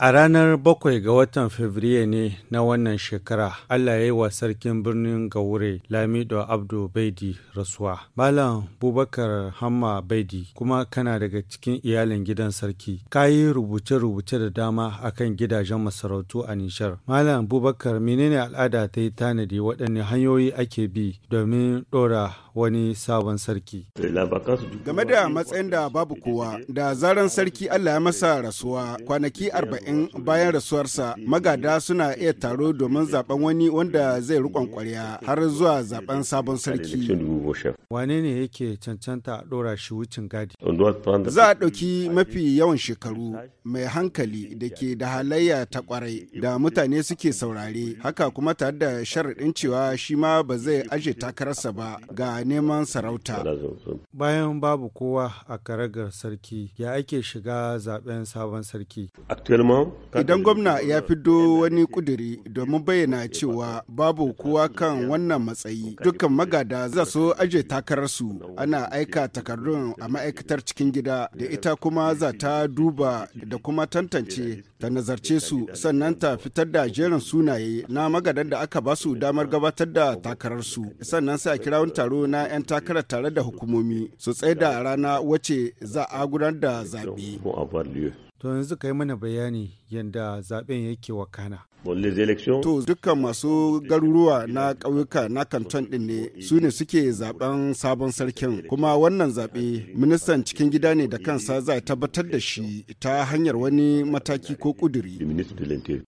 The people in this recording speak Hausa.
A ranar bakwai ga watan Fabrairu ne na wannan shekara, Allah ya yi wa sarkin birnin Gaure Lamido Abdu Baidi rasuwa. Malam Bubakar Hamma Baidi kuma kana daga cikin iyalin gidan sarki. Ka yi rubuce-rubuce da dama a kan gidajen masarautu a Nishar. Malam Bubakar menene al'ada ta yi tanadi waɗanne hanyoyi ake bi domin ɗora wani sabon sarki. Game da matsayin da babu kowa, da zaran sarki Allah ya masa rasuwa kwanaki arba'in in bayan rasuwarsa magada suna iya taro domin zaben wani wanda zai rikon kwarya har zuwa zaben sabon sarki. Wane ne yake cancanta a dora shi wucin gadi? Za a ɗauki mafi yawan shekaru mai hankali da ke da halayya ta kwarai da mutane suke saurare haka kuma tare da sharaɗin cewa shi ma ba zai aje takararsa ba ga neman sarauta. Bayan babu kowa a karagar sarki ya ake shiga zaben sabon sarki. Idan gwamna ya fido wani kuduri domin bayyana cewa babu kowa kan wannan matsayi dukkan magada za su aje takararsu ana aika takardun a ma'aikatar cikin gida da ita kuma za ta duba da kuma tantance ta nazarce su sannan ta fitar da jerin sunaye na magadan da aka ba su damar gabatar da takararsu sannan sai a kira wani taro na 'yan takarar tare da hukumomi su tsaye da rana wace za a gudanar da zaɓe. To yanzu ka yi mana bayani yadda zaben yake kana. To dukkan masu garuruwa na ƙauyuka na kanton ɗin ne su ne suke zaben sabon sarkin kuma wannan zaɓe ministan cikin gida ne da kansa za tabbatar da shi ta hanyar wani mataki ko ƙuduri.